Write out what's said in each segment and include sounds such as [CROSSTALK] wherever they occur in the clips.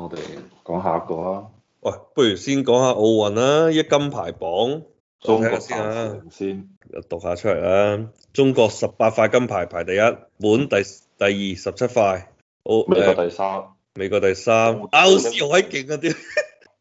我哋講下一個啊！喂，不如先講下奧運啦，一金牌榜，中國先啦。先讀下出嚟啦。中國十八塊金牌排第一，本第二，十七塊，哦、美國第三，美國第三，啊！英國好勁啊！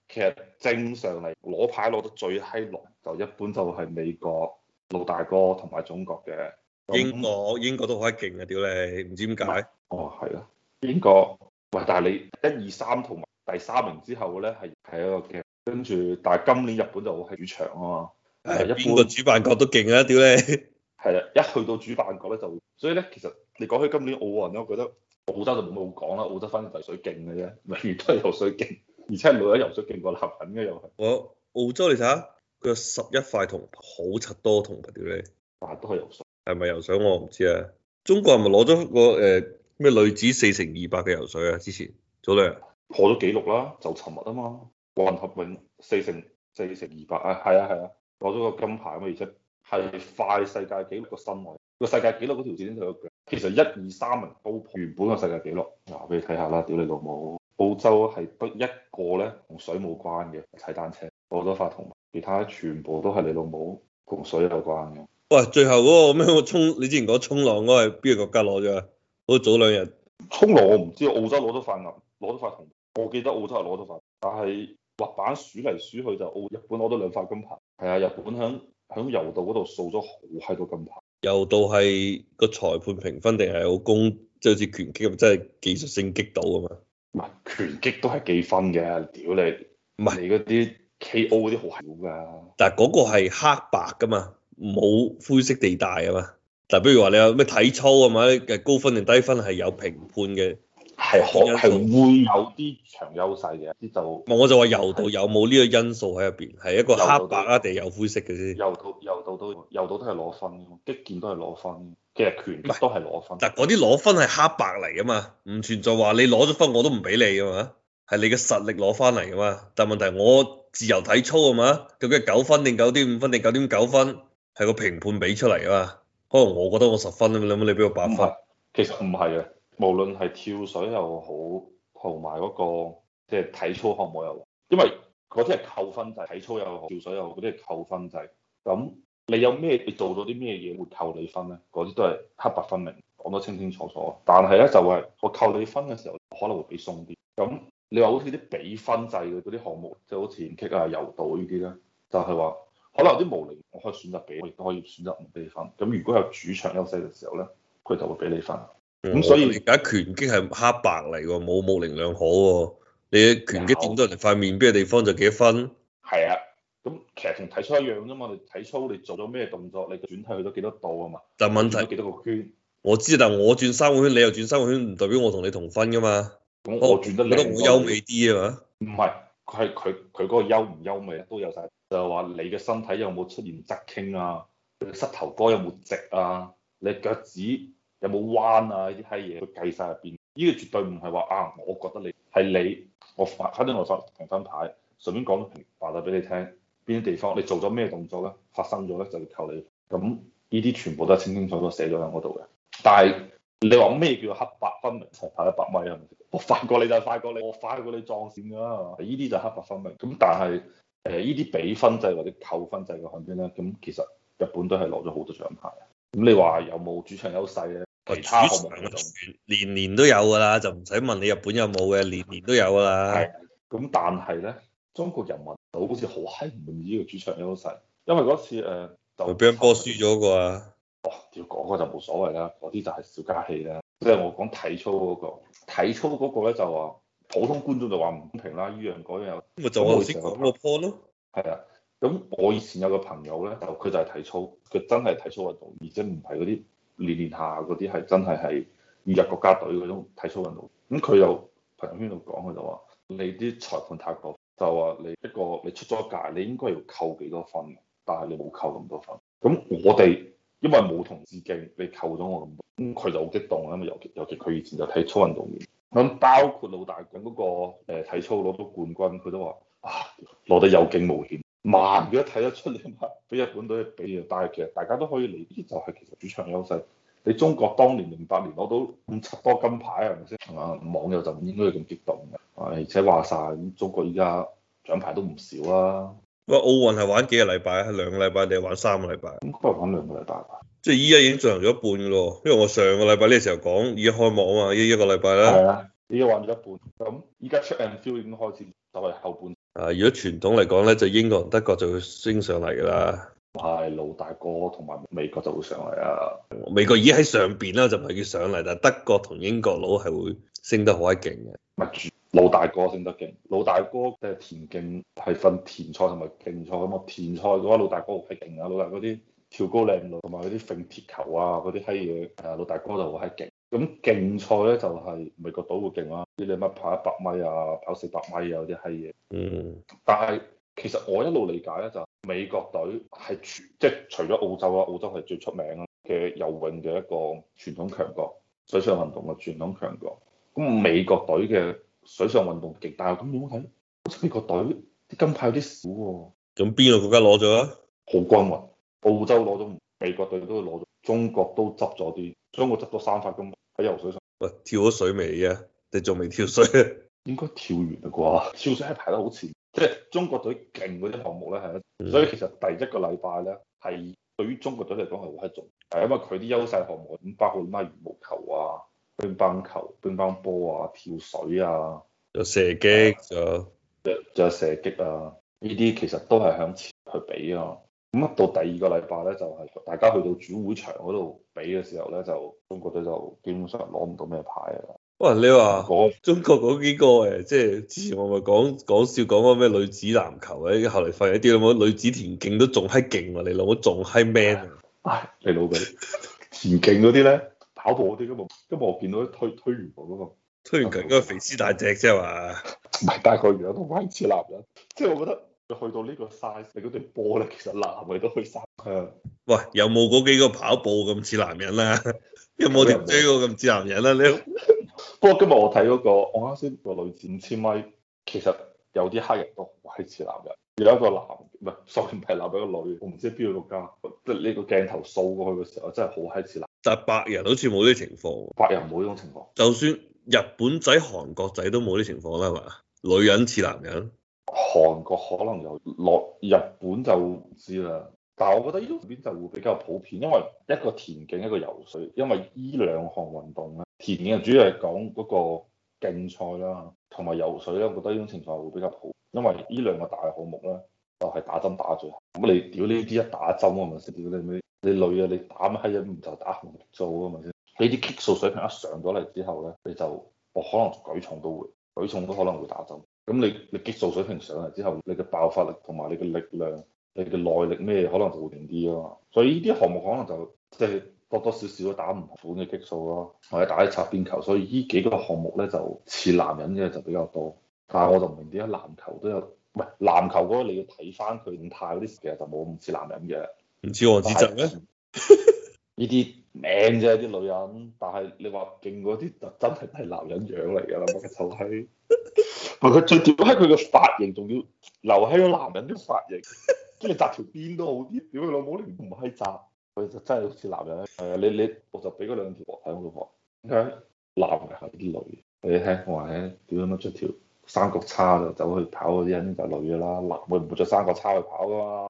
其實正常嚟攞牌攞得最閪耐，就一般就係美國老大哥同埋中國嘅。英國英國都好閪勁啊！屌你，唔知點解？哦，係咯，英國。但係你一二三同埋第三名之後咧，係係一個嘅，跟住但係今年日本就係主場啊嘛，誒、哎呀，邊個般主辦國都勁啊！屌你，係啦，一去到主辦國咧就，所以咧其實你講起今年奧運咧，我覺得澳洲就冇乜好講啦，澳洲反分水明都游水勁嘅啫，完全都係游水勁，而且係女仔游水勁過男人嘅又係。我澳洲你睇，佢有十一塊銅好柒多銅，屌你、啊，但都係游水。係咪游水我唔知啊，中國係咪攞咗個誒呃咩女子四乘二百嘅游水啊？之前早兩日、啊，破咗紀錄啦，就尋日啊嘛。混合泳四乘四乘二百啊，係啊係啊，攞咗、啊啊、個金牌咁啊，而且係快世界紀錄個新位，個世界紀錄嗰條線點有得嘅？其實一二三名都破原本嘅世界紀錄。嗱、啊，俾你睇下啦，屌你老母！澳洲係得一個咧，同水冇關嘅，踩單車。澳大利亞同其他全部都係你老母，同水有關嘅。喂，最後嗰、那個咩？我衝你之前講衝浪嗰個係邊個國家攞咗啊？好早兩日，衝浪我唔知，澳洲攞咗塊銀，攞咗塊銅。我記得澳洲係攞咗塊，但係滑板數嚟數去，就澳日本攞咗兩塊金牌。係啊，日本響響柔道嗰度掃咗好閪多金牌。柔道係、嗰個裁判評分定係有功，即係好似拳擊咁，即係技術性擊倒啊嘛。唔係，拳擊都係計分嘅，屌你是。唔係嗰啲 K.O. 嗰啲好少噶。但係嗰個係黑白噶嘛，冇灰色地帶啊嘛。但比如話你有咩體操啊嘛，嘅高分定低分係有評判嘅，係可係會有啲長優勢嘅，啲就我就話柔道有冇呢個因素喺入邊？係一個黑白啊，定有灰色嘅先？柔道、柔道都柔道都係攞分嘅，擊劍都係攞分，踢拳都係攞分。但嗰啲攞分係黑白嚟噶嘛。唔存在話你攞咗分我都唔俾你噶嘛。係你嘅實力攞翻嚟噶嘛。但係問題我自由體操啊嘛，究竟係九分定九點五分定九點九分係個評判俾出嚟啊嘛。可能我覺得我十分啦，你你俾我八分，其實唔係啊，無論係跳水又好，同埋嗰個即係體操項目又好，因為嗰啲係扣分制，體操又好，跳水又好，嗰啲係扣分制。咁你有咩你做到啲咩嘢會扣你分咧？嗰啲都係黑白分明，講得清清楚楚。但係咧就係我扣你分嘅時候可能會俾鬆啲。咁你話好似啲比分制嘅嗰啲項目，就好似田徑啊、柔道呢啲咧，就係話。可能有啲模棱，我可以選擇俾，我亦都可以選擇唔俾分。咁如果有主場優勢嘅時候咧，佢就會俾你分。咁所以而家拳擊係黑白嚟喎，冇模棱兩可喎。你拳擊點到人哋塊面邊嘅地方就幾多分？係啊，咁其實同體操一樣啫嘛。你體操你做咗咩動作，你轉體去咗幾多度啊嘛？問題轉咗幾多個圈？我知道，但我轉三個圈，你又轉三個圈，唔代表我同你同分噶嘛。咁我轉得你都好優美啲啊嘛。唔係。佢佢佢嗰個優唔優美咧都有晒，就係話你嘅身體有冇出現側傾啊？你膝頭哥有冇直啊？你腳趾有冇彎啊？呢啲係嘢佢計晒入邊，呢、這個絕對唔係話啊，我覺得你係你，我反正、啊、我發評分牌，順便講平話咗俾你聽，邊啲地方你做咗咩動作咧，發生咗咧就要、是、扣你，咁呢啲全部都係清清楚楚寫咗喺嗰度嘅，但係。你話咩叫黑白分明？跑一百米啊，我快過你就快過你，我快過你撞線噶啦，呢啲就黑白分明。咁但係誒呢啲比分制或者扣分制嘅項圈咧，咁其實日本都係攞咗好多獎牌。咁你話有冇主場優勢咧？其他項目就年年都有噶啦，就唔使問你日本有冇嘅，年年都有噶啦。係。咁但係咧，中國人民好似好嗨唔滿意呢個主場優勢，因為嗰次誒，乒乓波輸咗個啊。要嗰個就冇所謂啦，嗰啲就係小家氣啦。即係我講體操嗰、嗰個，體操嗰個咧就話普通觀眾就話唔公平啦，依樣嗰樣。咪就我識揼個坡咯。係啊，咁我以前有個朋友咧，呢友就佢就係體操，佢真係體操運動，而且唔係嗰啲年年下嗰啲，係真係係入國家隊嗰種體操運動。咁佢又朋友圈度講佢就話，你啲裁判太過，就話你一個你出咗界，你應該要扣幾多，多分，但係你冇扣咁多分。咁我哋。因為冇同致敬，你扣咗我咁，咁佢就好激動啊！咁尤其尤其佢以前就體操運動員咁，包括老大咁、那、嗰個誒、那個、體操攞到冠軍，佢都話啊攞得有驚無險，萬幾睇得出你啊，俾日本隊比啊。但係其實大家都可以嚟啲，就係、是、其實主場優勢。你中國當年零八年攞到五七多金牌啊，係咪先？係嘛，網友就唔應該咁激動嘅。啊、哎，而且話晒，中國依家獎牌都唔少啦。喂，奧運係玩幾個禮拜啊？兩個禮拜定係玩三個禮拜？咁都係玩兩個禮拜。即係依家已經進行咗一半嘅咯，因為我上個禮拜呢個時候講，已經開幕啊嘛，已經一個禮拜啦。係啊。已經玩咗一半，咁依家出人招已經開始，就係、是、後半。啊，如果傳統嚟講咧，就英國、德國就會升上嚟噶啦。係，老大哥同埋美國就會上嚟啊。美國已經喺上邊啦，就唔係叫上嚟，但係德國同英國佬係會升得好鬼勁嘅。老大哥勝得勁，老大哥嘅田徑係分田賽同埋競賽咁嘛，田賽嘅話，老大哥好閪勁啊！老大哥啲跳高靚女同埋嗰啲揈鐵球啊，嗰啲閪嘢，誒老大哥就好閪勁。咁競賽咧就係美國隊會勁啦，啲乜跑一百米啊，跑四百米啊啲閪嘢。嗯。Mm hmm. 但係其實我一路理解咧，就美國隊係全即係、就係、除咗澳洲啦，澳洲係最出名嘅游泳嘅一個傳統強國，水上運動嘅傳統強國。咁美國隊嘅。水上運動勁，大，係咁點睇啊？出邊個隊金牌有啲少喎。咁邊個國家攞咗啊？好均勻，澳洲攞咗，美國隊都攞咗，中國都執咗啲，所以我執咗三塊金喺游水上。喂，跳咗水未啊？定仲未跳水啊？應該跳完啦啩，跳水係排得好前，即、就、係、是、中國隊勁嗰啲項目咧係，啊嗯、所以其實第一個禮拜咧係對於中國隊嚟講係好集中，係因為佢啲優勢項目，咁包括咩羽毛球啊。乒乓球、乒乓波啊，跳水啊，有射擊，仲有，仲有射擊啊，呢啲、啊、其實都係向前去比啊。咁一到第二個禮拜咧，就係、是、大家去到主會場嗰度比嘅時候咧，就中國隊就基本上攞唔到咩牌啊。喂，你話中國嗰幾個誒、欸，即係之前我咪講講笑講嗰咩女子籃球啊，後嚟發現啲老母女子田徑都仲閪勁啊，你老母仲閪 man 啊，你老母 [LAUGHS] 田徑嗰啲咧？跑步好啲㗎嘛？今日我見到推推完步嗰個，推完拳嗰、那個肥屍大隻啫嘛。唔係， [LAUGHS] 大概原來都好閪似男人。即、就、係、是、我覺得去到呢個 size，你嗰對波咧，其實男女都可以生。喂，有冇嗰幾個跑步咁似男人啦？ [LAUGHS] 有冇啲 J 嗰咁似男人啦？你。 [LAUGHS] [LAUGHS] 不過今日我睇嗰、那個，我啱先個女子五千米，其實有啲黑人都好閪似男人。而一個男唔係，雖然唔係男，但係個女，我唔知邊個國家。即係呢個鏡頭掃過去嘅時候，真係好閪似男人。但白人好似冇呢啲情況，白人冇呢種情況。就算日本仔、韓國仔都冇呢種情況啦，係嘛？女人似男人，韓國可能有，落日本就唔知啦。但係我覺得呢種邊就會比較普遍，因為一個田徑一個游水，因為呢兩項運動咧，田徑主要係講嗰個競賽啦，同埋游水咧，我覺得呢種情況會比較普遍，因為呢兩個大項目咧。就係打針打住，咁你屌呢啲一打針啊，咪先，屌你你你女啊，你打乜閪啊，唔就打紅做啊，咪先，你啲激素水平一上咗嚟之後咧，你就哦可能舉重都會，舉重都可能會打針，咁你你激素水平上嚟之後，你嘅爆發力同埋你嘅力量，你嘅耐力咩可能就會勁啲啊嘛，所以呢啲項目可能就即係、就是、多多少少都打唔同嘅激素咯，啊，或者打啲擦邊球，所以呢幾個項目咧就似男人嘅就比較多，但係我就唔明點解籃球都有。唔係籃球嗰啲你要睇翻佢面態嗰啲，其實就冇唔似男人嘅，唔似我，思珍咩？呢啲靚啫，啲女人。但係你話勁嗰啲就真係係男人樣嚟噶啦，乜嘢都閪。唔係佢最屌係佢個髮型，仲要留喺個男人啲髮型，即係紮條辮都好。啲。屌你老母，你唔唔閪紮，佢就真係好似男人。係啊，你你我就俾嗰兩條睇我咁講。點解男係女？你聽我話先，屌你媽出條。三角叉就走去跑嗰啲人就累噶啦，男佢唔會着三角叉去跑噶嘛。